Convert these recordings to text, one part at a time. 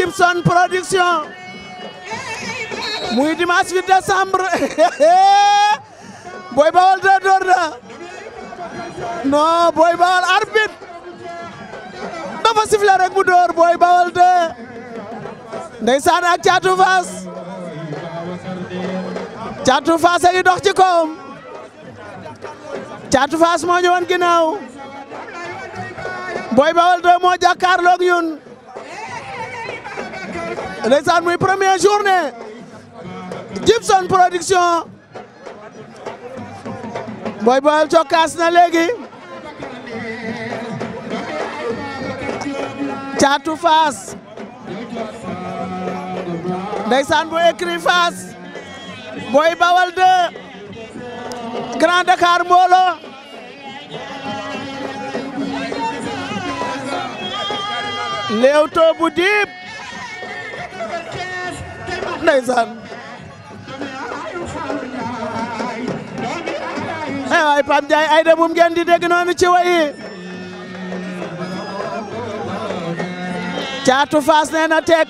Djibson production muy dimanche 8 décembre Boy Baol de door na non Boy Baol arbitre dafa sifflé rek mu door Boy Baol de ndeysaan ak Caatu Faas Caatu Faas a ngi dox ci kawam Caatu Faas moo ñëwoon ginnaaw Boy Baol de moo jàkkaarloog ñun Les amis première journée Gibson production Boy Boy cokkaas na léegi caatu face. ndeysaan bu écrit Boy Bawal 2 Grand Dakar Molo Leoto ndeysaan ay eh, waay Pape Ndiaye ay da bum di dégg noonu ci wayi caatu faas nee na tek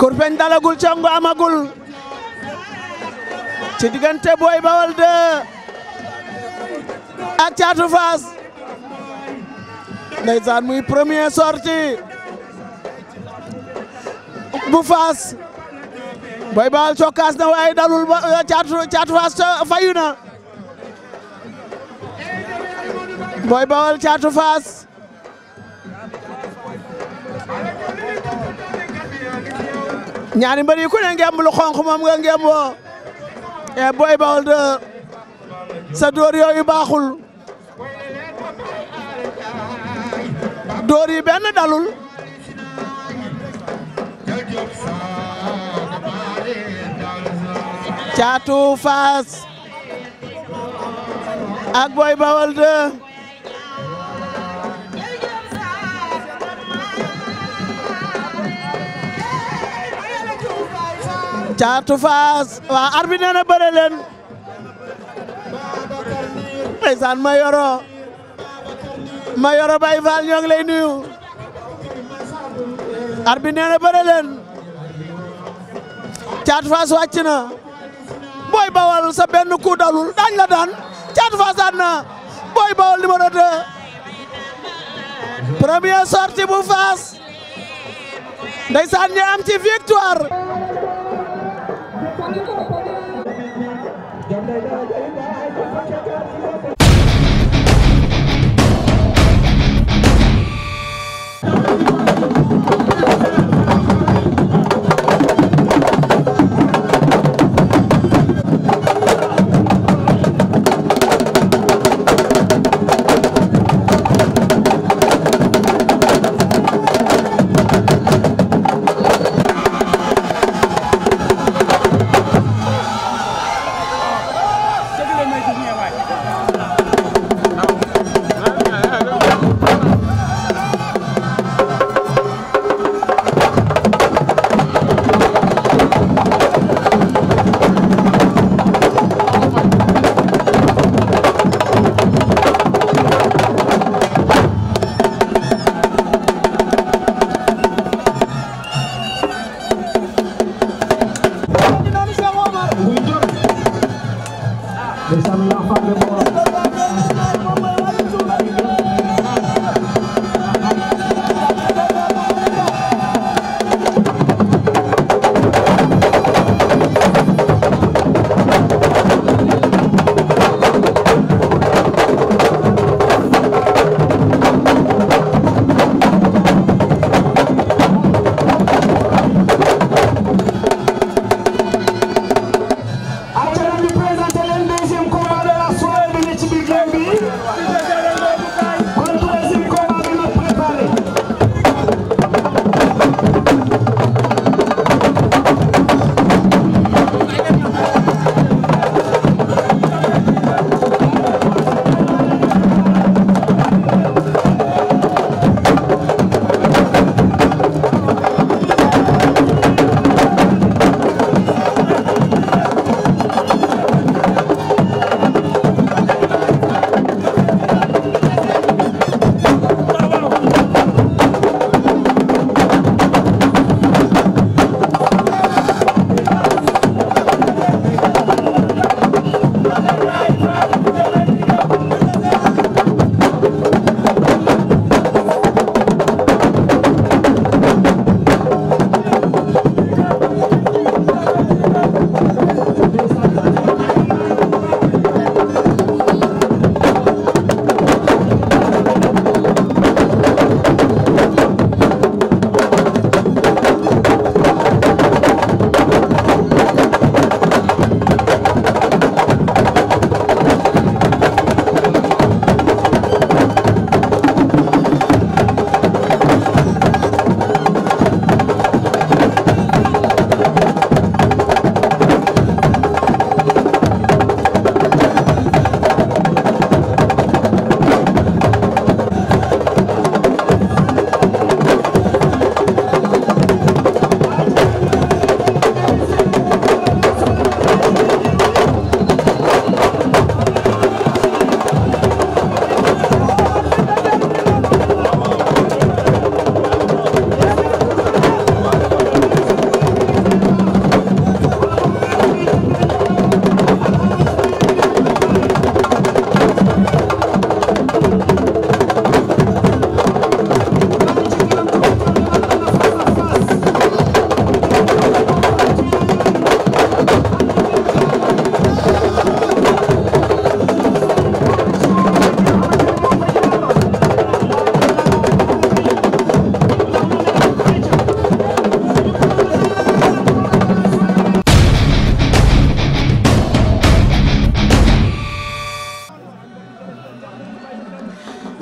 kurpeñ dalagul congo amagul ci diggante booy bawol de ak caatu faas ndeysaan muy premier sortie bu faas Boy Baol cokkaas na waaye dalul ba eh, caatu faas fayu na Boy Baol caatu faas ñaari mbër yi ku ne ngemb xonq moom nga ngemboo e eh, Boy Baol de sa dóor yooyu baaxul dóor yi benn dalul Caatu Faas ak Boy Bawol 2 Caatu Faas waa arbitre nee na bëre leen ma yoro ma yoro Baye Fall ñoo ngi lay nuyu arbitre nee Caatu Faas na Boy Bawol sa benn ku dalul daañ la daan Caatu Faas na Boy Bawol numéro 2 première sortie bu Faas ndeysaan ñu am ci victoire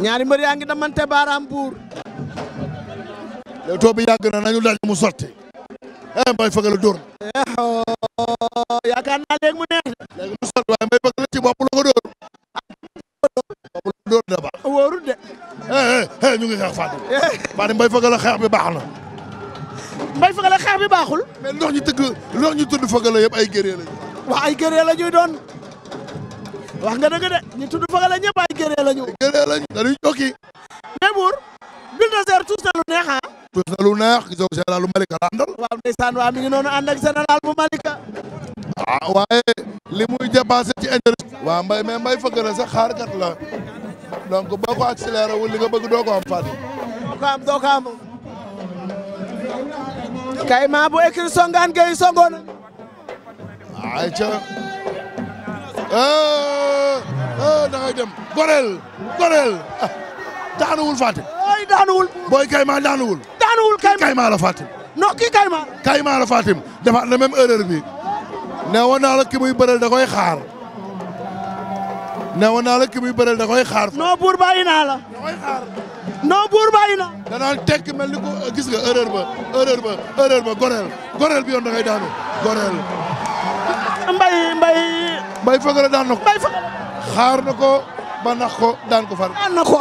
ñaari mbeur yaangi damante baram bour lew tobi yag na nañu dal mu sotti eh mbay fagal dor eh, oh, ya kan na leg mu neex leg mu sotti way may fëgg ci bop lu ko dor bop lu dor dóor da baax wóorul de eh eh, eh ñu ngi xex Fatou ba eh. mbay fëgg fagal xex bi baxna na fagal xex bi baxul mais ndox ñu tëgg ndox ñu tudd fagal yeb ay gëree lañu wax ay gëree la ñuy doon wax nga nga de ñu tudd gënee lañu gënee lañu dañuy jokki mais buur Bulldozer tuus na lu neex ah na lu neex gisoo général bu Malika la àndal waaw ndeysaan waa mi ngi noonu ànd ak général bu Malika ah waaye li muy dépensé ci intérêt waa mbay mais mbay fëgg na sax xaarkat la donc boo ko accéléré wul li nga bëgg doo ko am Fadi kay maa bu écrit songaan ngay songoon ay ca da ngay dem gorel gorel daanuwul Fatick. ay daanuwul. booy Kayma daanuwul. daanuwul Kayma Kayma la Fatick. non kii Kayma. Kayma la Fatick defaat na même erreur bi ne woon naa la ki muy bëreel da koy xaar ne woon naa la ki muy bëreel da koy xaar. non buur bàyyi naa la. da koy xaar. non buur bàyyi na. danaan tekk mel ni ko gis nga erreur ba erreur ba erreur ba gorel gorel bi yoon da ngay daanu gorel. mbay mbay. bay Feugeleu daan na ko. bay Feugeleu. xaar na ko ba nax ko daan ko far. daan na ko.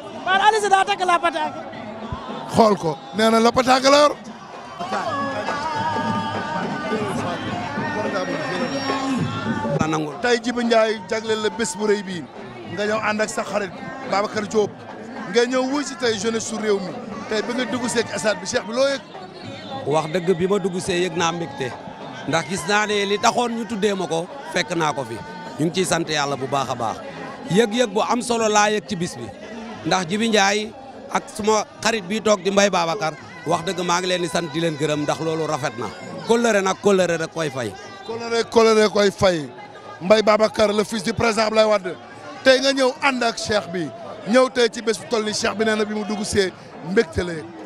Baar Alioune daa takk xool ko nee na la pataake la yor. nangul tey Djiby Ndiaye la bés bu rëy bii nga ñëw ànd ak sa xarit Babacar Diop nga ñëw wuy si tey jeunesse su réew mi tey bi nga dugg see bi Cheikh bi loo wax dëgg bi ma dugg see yëg naa mbégte ndax gis naa ne li taxoon ñu tuddee ma ko fekk naa ko fi ñu ngi ciy sant yàlla bu baax a baax yëg-yëg bu am solo laa ci bis bi. ndax Jibi Ndiaye ak suma xarit bi toog di mbay Babacar wax dëgg maa ngi leen di sant di leen gërëm ndax loolu rafet na kóllëre nag kóllëre rek koy fay kóllëre kóllëre koy fay mbay Babacar la fils du président Abdoulaye Wade tey nga ñëw ànd ak cheikh bi ñëw tey ci bés bu toll ni cheikh bi nee na bi mu dugg see mbégte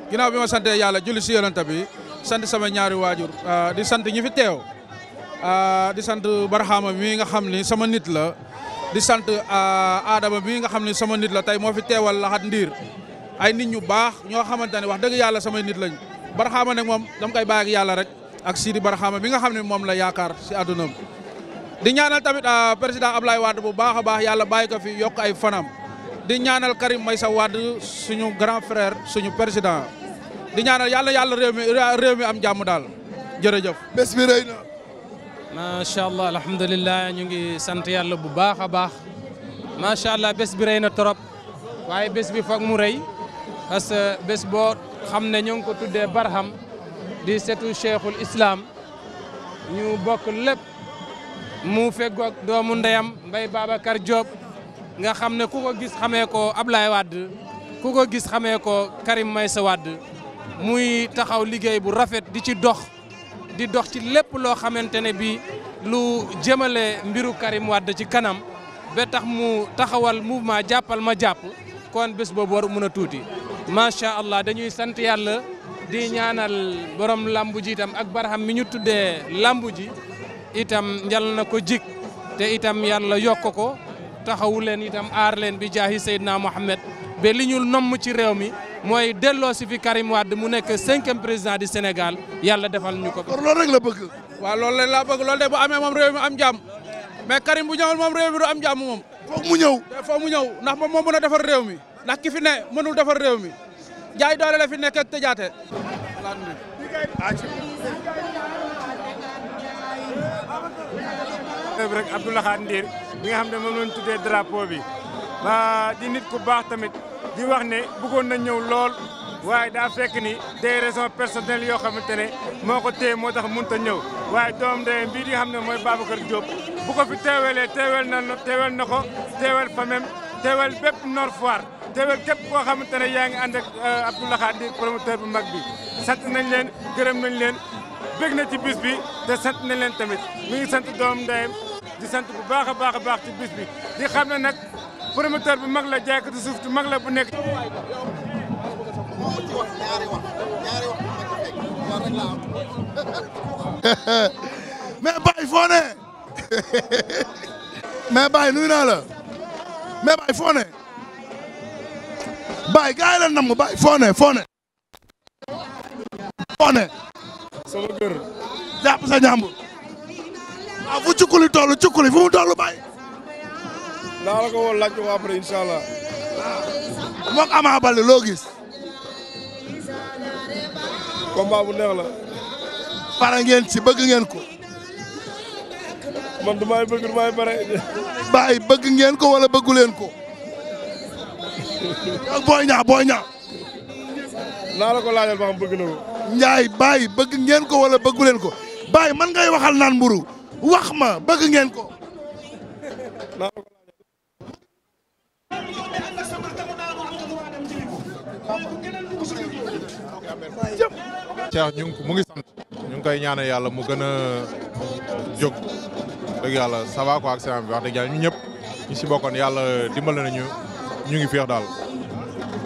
ginnaaw bi ma sant yàlla julli si yonent bi sant sama ñaari waajur ah, di sant ñi fi teew ah, di sant Barhama mi nga xam ni sama nit la di sant euh, Adama bi nga xam ne sama nit la tey moo fi teewal laxat ndiir ay nit ñu baax ñoo xamante ne wax dëgg yàlla samay nit lañ barxaama nag moom dama koy bàyyi yàlla rek ak Sidi barxaama bi nga xam ne moom la yaakaar si àdduna di ñaanal tamit euh, président Ablaye Wade bu baax a baax yàlla bàyyi ko fi yokk ay fanam di ñaanal Karim Meïssa Wade suñu grand frère suñu président di ñaanal yàlla yàlla réew mi réew am jàmm daal jërëjëf. bés bi rëy na. macha allah alhamdulilah ñu ngi sant yàlla bu baax a baax macha allah bés bi rey na trop waaye bés bi foog mu rey parce que bés boo xam ne ñoo ngi ko tuddee Barham di setu cheikhul islaam ñu bokk lépp mu feggoog doomu ndeyam Mbaye Babacar Diop nga xam ne ku ko gis xamee ko Ablaye Wade ku ko gis xamee ko Karim Meïssa Wade muy taxaw liggéey bu rafet di ci dox. di dox ci lépp loo xamante ne bii lu jëmale mbiru Karim Wade ci kanam ba tax mu taxawal mouvement jàppal ma jàpp kon bés boobu war mën a tuuti macha allah dañuy sant yàlla di ñaanal borom lambu ji itam ak barham mi ñu tuddee lambu ji itam njal na ko jik te itam yàlla yokk ko taxawu leen itam aar leen bi jaahi Seydina Mohamed ba li ñu nomm ci réew mi mooy delloo si fi Karim Wade mu nekk cinquième président di Sénégal yàlla defal ñu ko. kon loolu rek la bëgg. waa loolu rek la bëgg lool de bu amee moom réew mi am jàmm mais Karim bu ñëwul moom réew mi du am jàmm moom. foog mu ñëw foog mu ñëw ndax moom moo mën a defar réew mi ndax ki fi ne mënul defar réew mi jaay doole la fi nekk te tëjaate. rek Abdoulaye Ndir bi nga xam ne moom la ñu tuddee drapeau bi di ku baax tamit. di wax ne bëggoon na ñëw lool waaye daa fekk ni des raisons personnelles yoo xamante ne moo ko téye moo tax mënut a ñëw waaye doom dayem bii di xam ne mooy Babacar Diop bu ko fi teewelee teewel na teewel na ko teewel famem teewel bépp Nord Foire teewel képp koo xamante ne yaa ngi ànd ak euh, Abdou Lahad di promoteur bu mag bi sant nañ leen gërëm nañ leen bég na ci bis bi te sant nañ leen tamit mi sant doom ndeyam di sant bu baax a baax a baax ci bis bi di xam ne nag promoteur bi mag la jaaykatu suuf mag la bu nekk. mais Baye foo ne. mais Baye nuyu naa la. mais Baye foo ne. Baye la nam Baye foo ne foo ne. foo ne. sa ñàmb. waaw fu cukkuli toll cukkuli fu mu toll Baye. naa la ko woo laaj ko après incha allah. moog Ama Baldé loo gis. combat bu neex la. pare ngeen ci bëgg ngeen ko. man du may bëgg du may pare. bàyyi bëgg ngeen ko wala bëggu leen ko. booy ñaa booy ñaa. ko laajal ba bëgg na ko. Ndiaye bàyyi bëgg ngeen ko wala bëggu leen ko bàyyi man ngay waxal naan mburu wax ma bëgg ngeen ko. jëm. ñu ngi mu ngi sant ñu ngi koy ñaanal yàlla mu gën a jóg dëgg yàlla ça va quoi ak seen bi wax dëgg yàlla ñu ñëpp ñu si bokkoon yàlla dimbale nañu ñu ngi féex daal.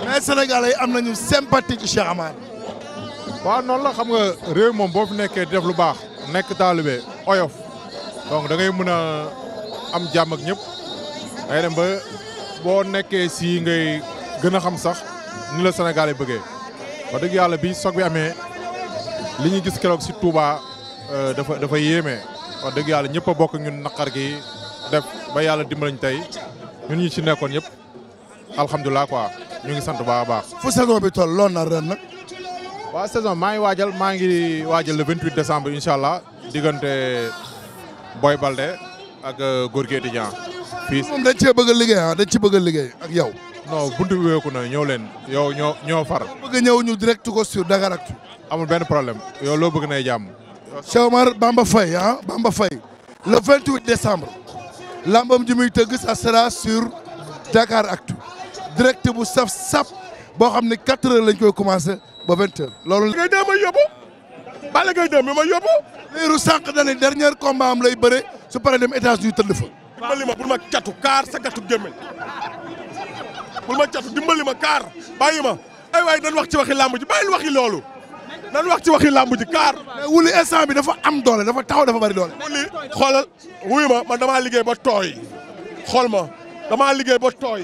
mais Sénégalais yi am nañu sympathie ci Cheikh Amar. waaw noonu la xam nga réew moom boo fi nekkee def lu baax nekk taalibe oyof donc da ngay mën a am jàmm ak ñëpp day dem ba boo nekkee si ngay gën a xam sax ni la Sénégalais bëggee. wax dëgg yàlla bi soog bi amee li ñu gis keroog si Touba euh, dafa dafa yéeme wax dëgg yàlla ñëpp a bokk ñu naqar gi def ba yàlla dimbalañ tey ñun ñu ci nekkoon yëpp alhamdulilah quoi ñu ngi sant bu baax a baax. fu saison bi toll lool na ren nag. waa saison maa ngi waajal maa ngi waajal vingt 28 décembre incha allah diggante Boy Balde ak euh, Gorgui Étudiant. fii moom dañ cee bëgg liggéey ah, dañ ci bëgg a liggéey ak yow. non buntu bi wéeku na ñëw leen yow ñoo ñoo far. bëgg ñëw ñu direct ko sur Dakaractu. amul benn problème yow loo bëgg nay jàmm. Cheikh Omar Bamba Faye ah Bamba Faye le 28 décembre. lambam ji muy tëgg ça sera sur Dakaractu direct bu saf sap boo xam ne 4 heures lañ koy commencé ba 20 heures. loolu ngay dem ma yóbbu. Balla Gaye dem ma yóbbu. liiru sànq dañuy dernier combat am lay bëre su paree dem états-unis tëdd bu waaw ma bul ma catu kaar sa gàttu gémmeñ bul ma catu dimbali ma kaar bàyyi ma ay waaye dañ wax ci waxi làmb ji bàyyil waxi loolu nan wax ci waxi làmb ji kaar. mais wuli instant bi dafa am doole dafa taxaw dafa bari doole. wuli xoolal wuyu ma man damaa liggéey ba tooy xool ma damaa liggéey ba tooy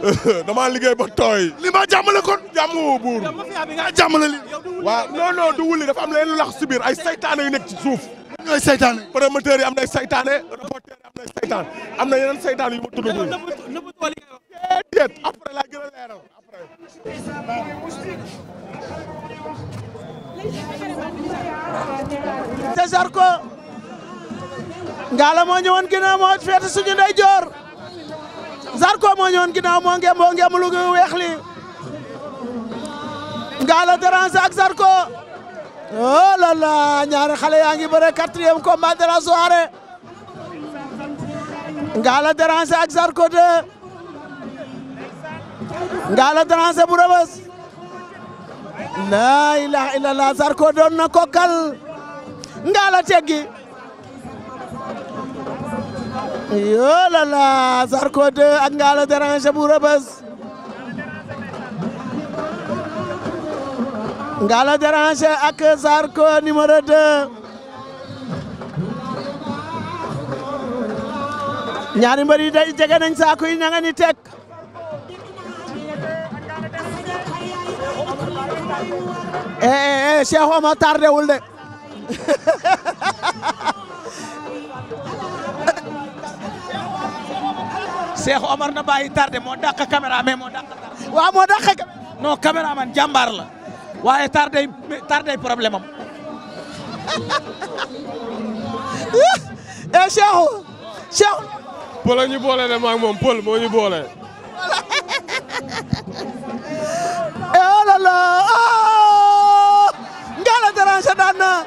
damaa liggéey ba tooy. li ma jàmmale kon. jàmm woo buur nga jàmmale li. waaw non non du wuli dafa am leen lax si biir ay saytaane yu nekk ci suuf. ñooy saytaane. promoteurs yi am nay saytaane reporters yi am nay saytaan am na yeneen saytaan yu ma tudd déedéet après la gën a leeral après. Zarko Ngalla moo ñëwoon ginnaaw moo féete suñu ndeyjoor Zarko moo ñëwoon ginnaaw moo ngem moo ngem lu weex li Ngalla dérange Zarko oh là là xale yaa ngi bëre quatrième combat de la soirée Ngalla dérange ak Zarko de Ngalla Tranché bu Rebeuss laa ilaha illallah Zarko doon na kokkal Ngalla teggi yoo la la Zarko 2 ak Ngalla Tranché bu Rebeuss Ngalla Tranché ak Zarko numéro 2 ñaari mbër yi day jege nañ saako yi ña nga Eh, eh eh Cheikh Omar wul de Cheikh Omar na bàyyi tardé moo dàq caméra mais moo dàq waaw moo dàq caméra man jàmbaar la waaye tardé tardé problème am eh Cheikh boole de maag moom Pël moo boole. Eh, oh là ah! déranger daan na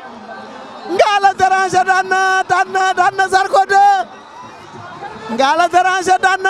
Ngalla déranger daan na daan na daan na Zarko 2 Ngalla déranger daan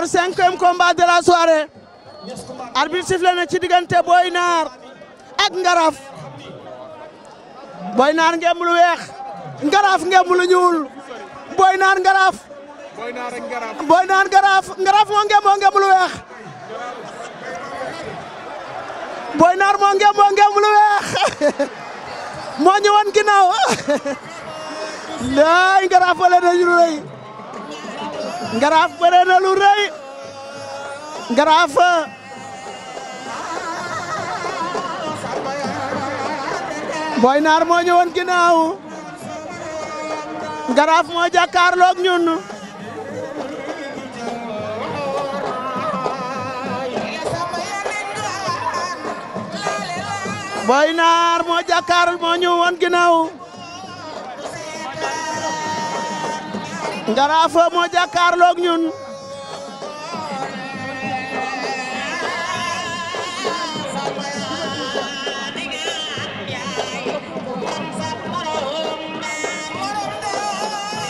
Nior cinquième combat de la soirée arbitre sifflé na ci diggante Boy Nar ak Ngaraf Boy Nar ngem lu wéx, Ngaraf ngem lu ñuul Boy Nar Ngaraf Boy Nar Ngaraf Ngaraf mo ngem mo ngem lu wéx. Boy Nar mo ngem mo ngem lu wéx. Mo ñu won ginaaw. laay Ngaraf wala dañu lay. Ngaraaf bëre na lu rëy Ngaraaf Boy Naar moo ñëwoon ginnaaw Ngaraaf moo jàkkaarloog ñun Boy Naar moo jàkkaarl moo ñëwoon ginnaaw mo jakarlo ak ñun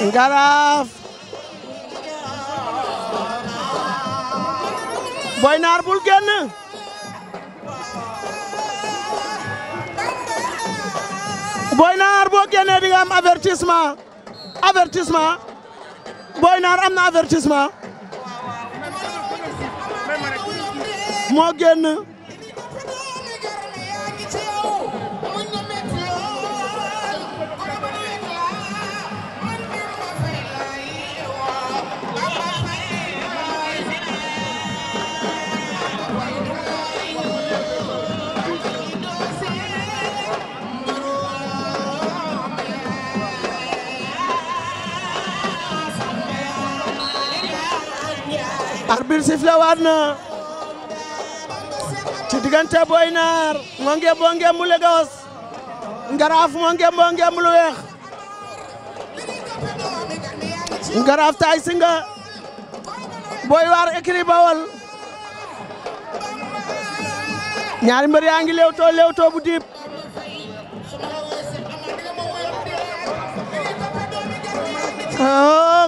Ngaraaf Boy nar bul génn Boy nar bo génnee di nga am avertissement avertissement Boy Naar am na avertissement moo génn arbitre sifflé warna, na ci diggante Boy Nar moo gos ngaraf Lagos Ngaraaf moo ngemboo ngembu lu weex Boy war ekri eh, Bawol ñaari mbër yaa lewto lewto bu oh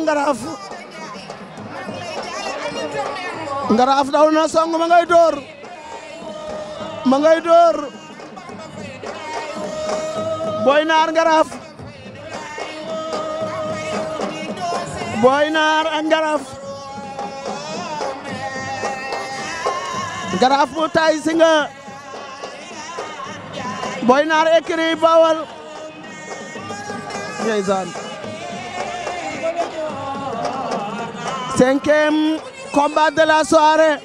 Ngaraaf daw na song ma ngay door ma ngay door Boy Naar Ngaraaf Boy Naar ak Ngaraaf Ngaraaf mu Naar écrit Bawal ndeysaan cinquième combat de la soirée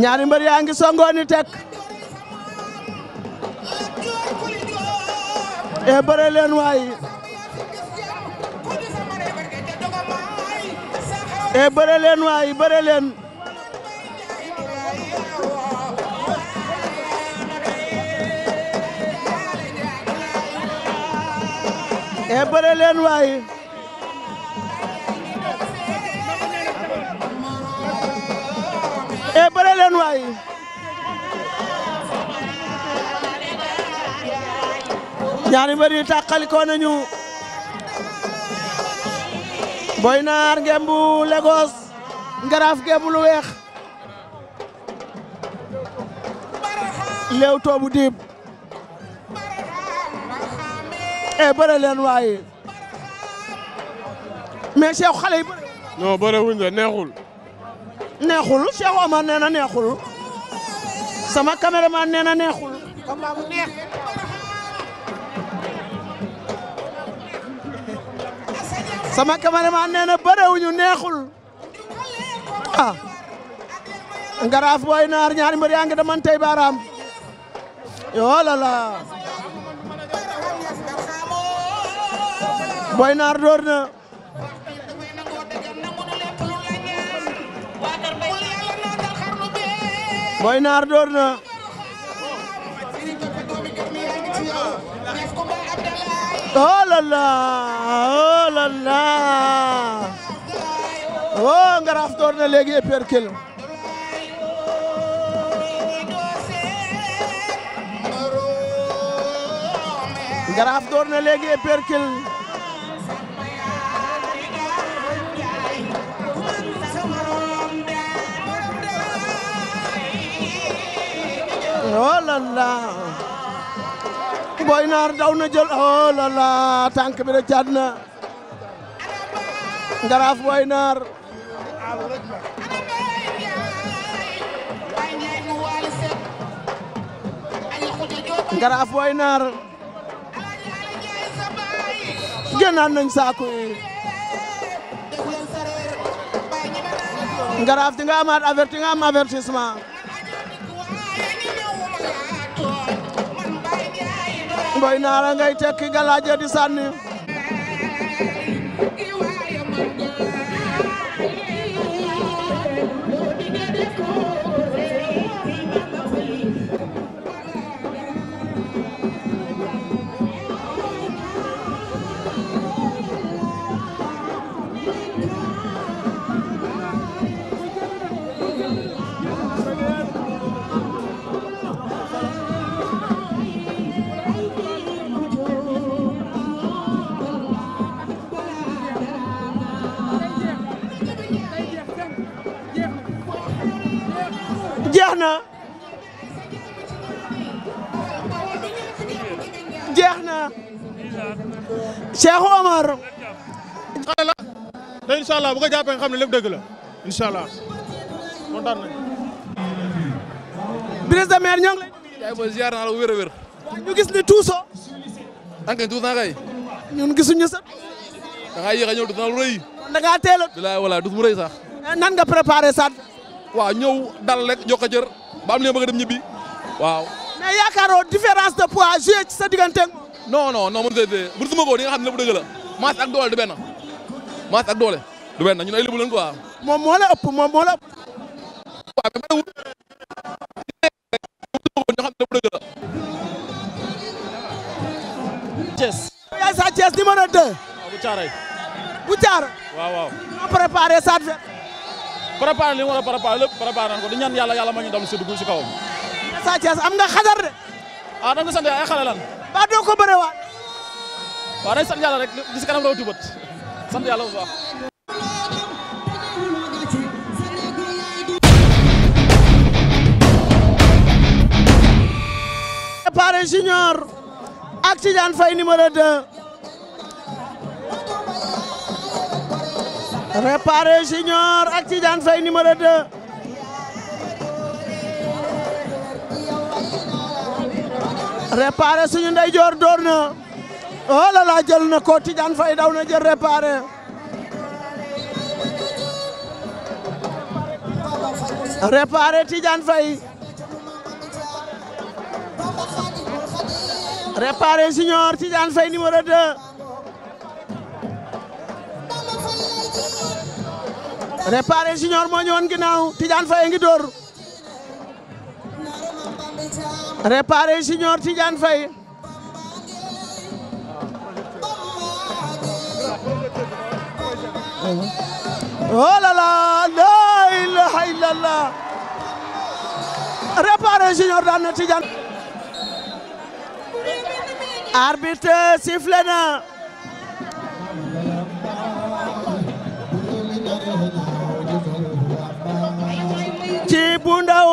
ñaari mbër yaa ngi ni tek e bëre leen waay e bëre leen waay bëre leen e bëre leen waay e bëre leen waay ñaari mbër yi tàqali ko nañu Boy Nar ngembu Lagos lu weex toobu diib eh bëre leen waaye mais Cheikh xale yi bëre. non bëre wuñ de neexul. neexul Cheikh Omar nee na neexul sama caméraman nee na neexul. combat bu neex. sama caméraman nee na bëre wuñu neexul ah. ngaraaf booy naar ñaari mbër yaa ngi damantey baaraam yoo la la. Boy Naar door na Boy Naar door na oh, oh, oh Ngaraaf door na léegi éperkel Ngaraaf oh la la boy daw na jël oh la la tànk bi da caat na ngaraaf boy naar ngaraaf boy naar nañ saaku yi ngaraaf di nga amaat averti nga am avertissement Mboy Nara ngay tekki galaaje di sànni na jeex na Cheikh Omar xale la te incha allah bu ko jàppee nga xam ne lépp dëgg booy ziar naa la wér ñu gis ni tuuso ankañ tuus naa kay ñun gisuñu sa da ngaa yéex a ñëw tuus naa lu rëy da ngaa teel a bilaay walaay dus mu rëy sax nan nga préparé sa waaw ñëw dal rek jox ko jër ba am li nga bëgg a dem différence de poids joué sa digganteeg moom. non non non mënut a dee bu suma la masse ak doole du ak doole du benn ñun ay lébu lañ quoi. moom moo moom moo la ëpp. waaw mais bëriwul ñu xam ne bu dëgg la. Thiès. yaay sa Thiès waaw waaw préparé li mu war a préparé lépp préparé nañ di ñaan yàlla ma ñu si dugg si kawam. Sa Thiès am nga xadar de. ah da nga sant ay xale lan. ba doo ko bëre waat. waaw day sant yàlla rek di kanam bu baax. préparé junior numéro 2. réparé junior ak Tidiane Faye numéro 2. réparé suñu ndeyjoor door na oh là là jël na ko Tidiane Faye daw na jël réparé. réparé Tidiane Faye. réparé junior Tidiane réparé junior mo ñewon ginaaw Tidiane Faye ngi dor réparé junior Tidiane Faye oh la la la ilaha illallah réparé Repare, daan Tidiane arbitre sifflé na bu ndaw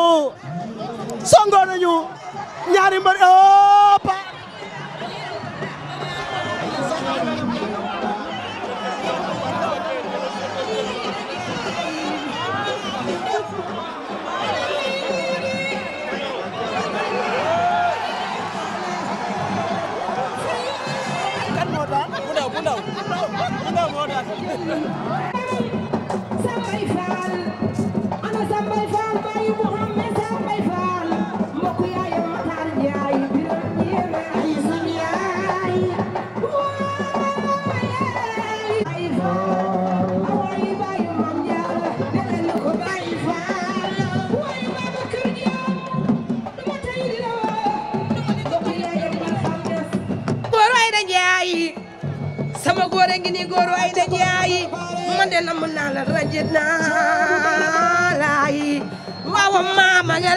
songo nañu ñaari mbër oppa kan moo daan bu ndaw bu ndaw bu ndaw moo daan Sayyidina Ali. Wow, mama, you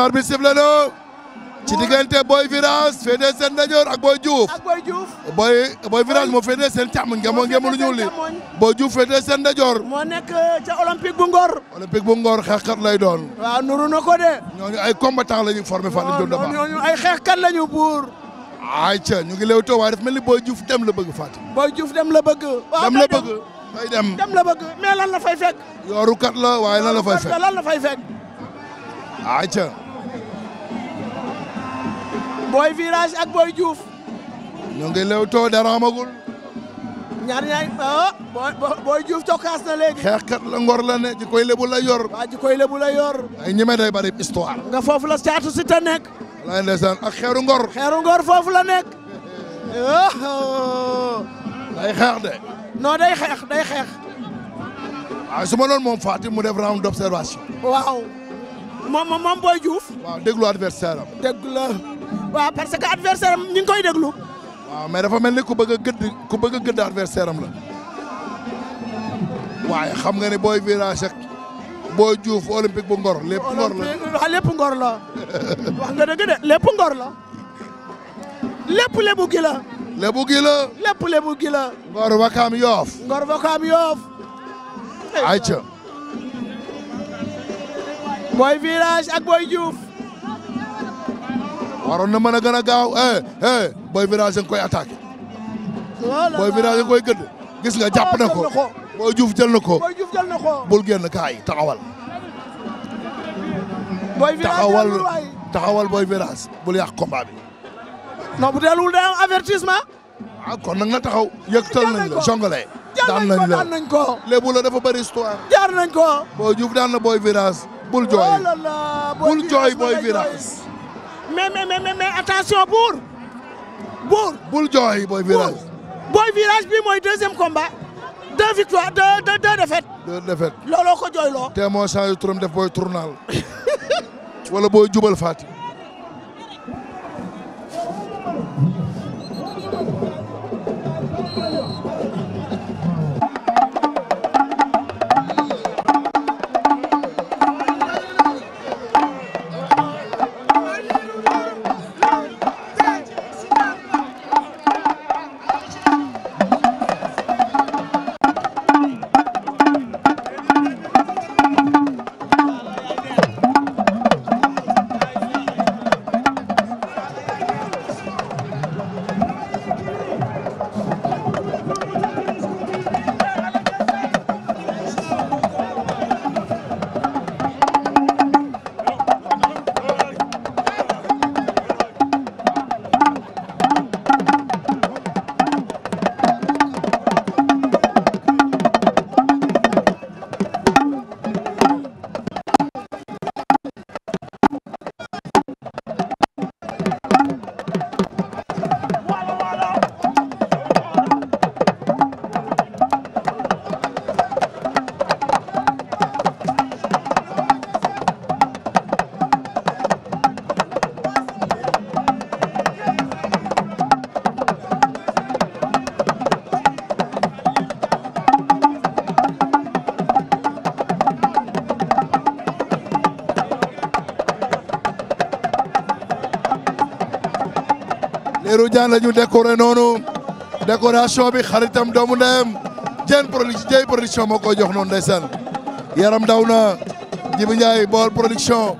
bar bi sifle na ci diggante Boy Virage féetee seen ndajoor ak Boy Diouf ak Boy Diouf Boy Boy Virage moo féetee seen càmmoñ ngemoo ngemu lu ñuul li Boy Diouf féetee seen ndajoor moo nekk ca olympique bu Ngor olympique xeex Ngor lay doon waaw nuru na ko de ñooñu ay combattant la ñu formé fan lañ doon dama ñooñu ay xeexkat la ñu buur ay ca ñu ngi léew too waaye daf mel ni Boy Diouf dem la bëgg Fatou Boy Diouf dem la bëgg dem la bëgg fay dem mais lan la fay fekk yooru kat la waaye lan la fay lan la fay fekk ay ca Boy Virage ak Boy Diouf. ñu ngi lew too dara amagul. ñaar ñaar ah Boy Diouf tokkaas na léegi. xeexkat la ngor la ne ji koy la yor. waa ji koy la yor. ay ñeme day bari histoire. nga foofu la caatu si te nekk. walaay ndeysaan ak xeeru ngor. xeeru ngor foofu la nekk. Oh. day xeex de. non day xeex day xeex. waaye su ma doon moom Fatick mu def round d'observation. waaw moom moom Boy Diouf. waaw déglu adversaire am. déglu waaw parce que adversaire am koy déglu. waaw mais dafa mel ni ku bëgg a gëdd ku bëgg a gëdd adversaire la waaye xam nga ne booy virage ak booy juuf olympique bu ngor lépp ngor la lépp ngor la wax nga dëgg de lépp ngor la lépp ngor wakaam yoof. ngor wakaam yoof. ayca. ak booy juuf. waroon na mën a gën a gaaw eh eh booy virage nga koy attaqué. booy virage nga koy gëdd. gis nga jàpp na ko booy ah, juuf jël na ko booy juuf jël na ko. bul génn kaay taxawal. booy virage booy virage bul yàq combat bi. non bu delluwul day am avertissement. a ah, kon nag na taxaw yëgtal nañ la jongalee. daan nañ la daan nañ ko lébu la dafa jaar nañ ko. booy juuf daan na booy virage. bul jooy oh bul jooy booy virage. mais mais mais mais buur. buur bul jooy booy virage. booy virage bi mooy deuxième combat. deux victoires deux deux deux défaites. deux défaites looloo ko jooyloo. te moo changé turam def booy tournal wala booy jubal Fatick. Diagne la ñu décoré noonu décoration bi xaritam doomu ndeyam jeen production jey production moo koy jox noonu ndeysaan yaram daw na Djibi Ndiaye bool production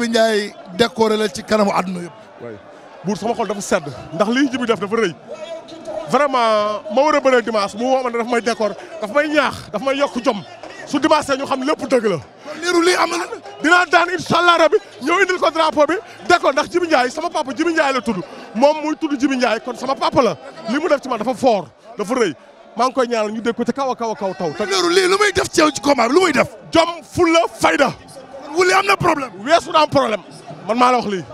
Jibi Ndiaye décoré la ci kanamu àdduna yëpp. buur sama xol dafa sedd ndax lii Jibi def dafa rëy vraiment ma war a bëree dimanche mu woo ma ne dafa may décor dafa may ñaax dafa may yokk jom su dimanche ñu xam lépp dëgg la. liiru dinaa daan incha allah rabi ñëw indil ko drapeau bi décor ndax Jibi Ndiaye sama papa Jibi Ndiaye la tudd moom muy tudd Jibi Ndiaye kon sama papa la li mu def ci man dafa fort dafa rëy. maa ngi koy ñaanal ñu dégg ko ci kaw a kaw a kaw taw. te leeru lii lu may def ci yow ci combat bi lu may def. jom wuli am na problème. weesu na am problème man maa la wax lii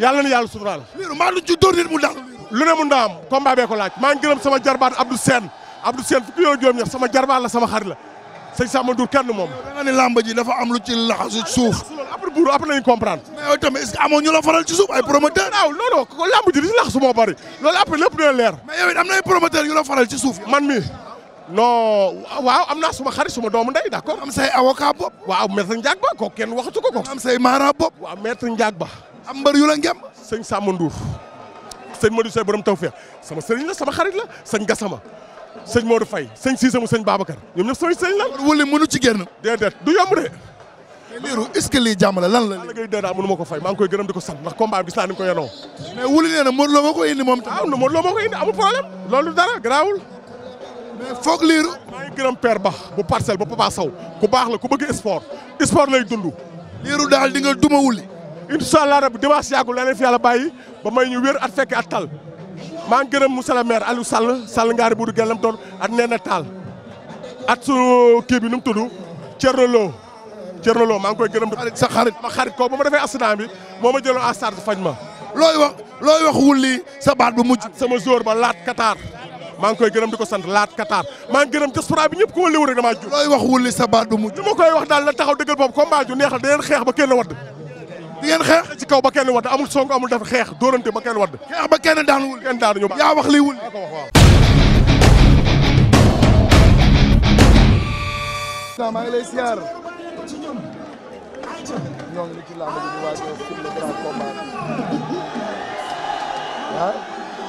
yàlla na yàlla suturaal. liiru maa ci dóor nit mu daal. lu ne mu ndaam combat bee ko laaj maa ngi sama jarbaat Abdou Sène Abdou Sène fukki yoon juróom ñaar sama jarbaat la sama xarit la sëñ Samba Ndour kenn moom. da laxasu suuf. après buuru après nañu comprendre. mais ñu la faral ci suuf ay promoteur waaw non non làmb ji li moo bari loolu après lépp dina leer. am na ay promoteur la faral ci suuf. non waaw am naa suma xarit suma doomu ndey d'accord. am say avocat bopp. waaw maître Ndiak Ba kooku kenn waxatu ko ko. am say maara bopp. waaw maître Ndiak Ba. am mbër yu la ngem. sëñ Samba taw sëñ Modou Seye borom tawfeex sama sëriñ la sama xarit la sëñ Gassama sëñ Modou Faye sëñ Cissé mu sëñ Babacar ñoom ñëpp samay sëñ la. wala mënu ci génn. déedéet du yomb de. liiru est lii jàmm la lan la. Balla Gaye ko fay maa ngi koy ko sant ndax combat bi gis naa ni mu ko nee na Modou Lo ko indi moom. waaw Modou Lo moo loolu dara garaawul foog liiru maa ngi gërëm père ba bu parcelle ba Papa Sow ku baax la ku bëgg sport sport lay dund liiru daal di nga duma wuli incha allah rabbi dimanche yàggul leneen fi yàlla bàyyi ba may ñu wér at fekk at tal maa ngi gërëm monsieur le maire Aliou Sall Sall ngaari budu gellam toon at nee na taal at su kii bi nu mu tudd Thierno Lo Thierno Lo maa ngi koy gërëm sa xarit ma ba ma defee accident bi moo ma jëloon en charge fañ ma looy wax looy wax wulli sa baat bu mujj sama jour ba laat maa ngi koy gërëm di ko sant laat Qatar maa ngi gërëm diaspora bi ñëpp ku ma liw rek damaa wax wulli sa baat du mujj li ma koy wax daal na taxaw dëggal boobu combat ju neexal da ngeen xeex ba kenn wadd di xeex ci kaw ba kenn wadd amul song amul dafa xeex dóorante ba kenn wadd xeex ba kenn daan wul kenn daan ñu ba yaa wax li wul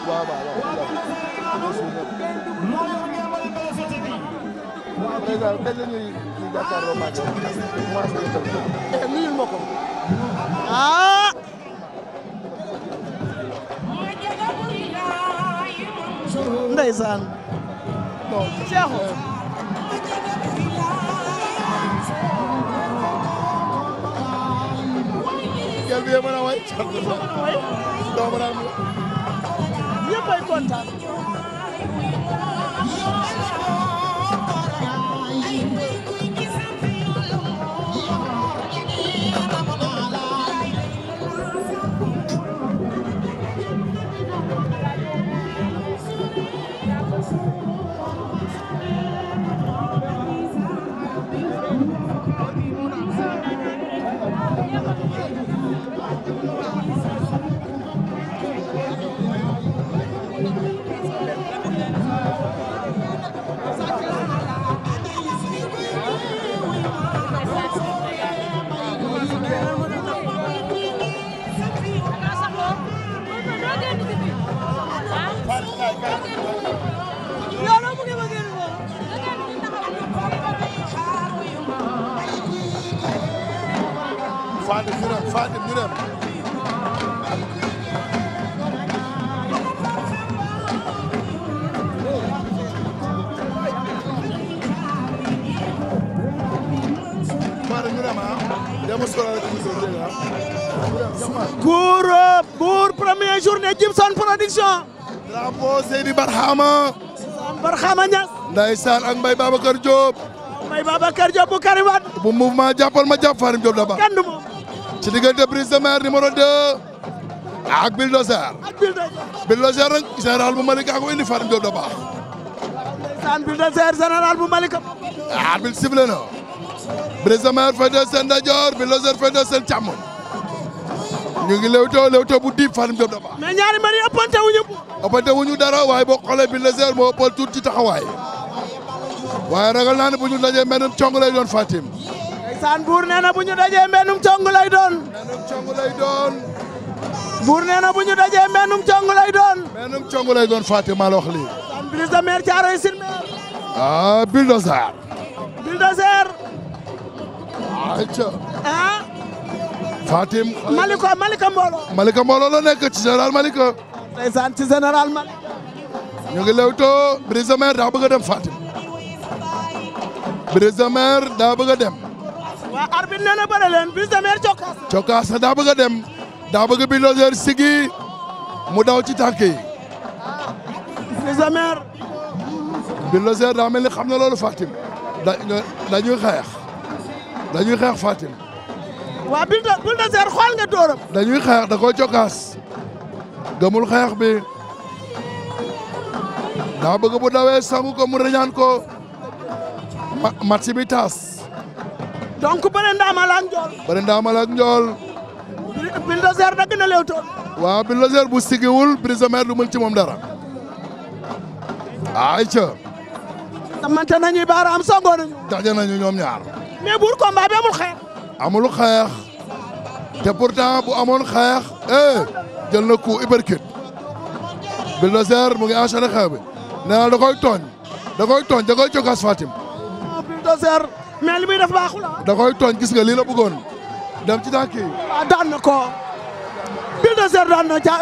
waaw waaw président kañ la ñuy jàkkaarloo Mbacké commencé nuyul ma ko ah ndeysaan bon Cheikh Kell bi mën a way doo mën a am koy kontaan Fadi Birem, Fadi Birem. Cour pour première journée Gibson Production. Drapeau Seydi Barhama. Barhama Nias Ndaysan ak Mbaye Babacar Diop. Mbaye Babacar Diop Karimat bu mouvement jappal ma jàpp Diop da ba. kenn du moom. ci diggante Brise de Mer numéro 2 ak Bulldozer. ak Bulldozer. Bulldozer nag général bu Malika ko indi Fatim Diop da baax. saan bu Malika. ah bil sifflé na. Brise de Mer fay doo seen ndajoor Bulldozer fay doo ñu ngi lewtoo lewtoo bu diib Fatim Diop da baax. mais ñaari mbir yi ëppante wu ñu. ëppante dara waaye boo xoolee Bulldozer moo ëppal tuuti ci taxawaay. waaye ragal naa ne bu ñu dajee mel ne cong Fatim. Ndeysaan buur nee na bu ñu dajee mbeenum cong lay doon. buur nee na dajee mbeenum cong doon. mbeenum cong lay doon Fatima la wax lii. nekk ci général Malika. Ndeysaan ci général ñu ngi lewtoo Brise daa bëgg dem Fatim. Brise daa bëgg dem. waa arbitre nee na bëre leen Brise de na. daa bëgg a dem daa bëgg bulldozer sigi mu daw ci tànk yi. Brise de Mer. daa mel ni xam na loolu Fatim dañuy xeex dañuy xeex Fatim. waa bulldozer xool nga dóoram. dañuy xeex da koy cokkaas gëmul xeex bi daa bëgg bu dawee sangu ko mu reñaan ko match bi donc bëre Ndamal ak Ndiol. bëre Ndamal ak Ndiol. Bulldozer dagg na Leewtoo. waaw Bulldozer bu sigiwul Brise de Mer du mën ci moom dara. na samante nañuy baaraam songoo nañu. daje nañu ñoom ñaar. mais buur combat bi amul xeex. amul xeex. te pourtant bu amoon xeex. Eh, jël na coup uppercut. Bulldozer mu ngi enchaîné xeex bi nee na da tooñ. da koy tooñ da koy jokkaas Fatim. Bulldozer. mais li muy def baaxul ah. tooñ gis nga lii la bëggoon dem ci tànk yi. Ah, na ko. Bulldozer daan na ja.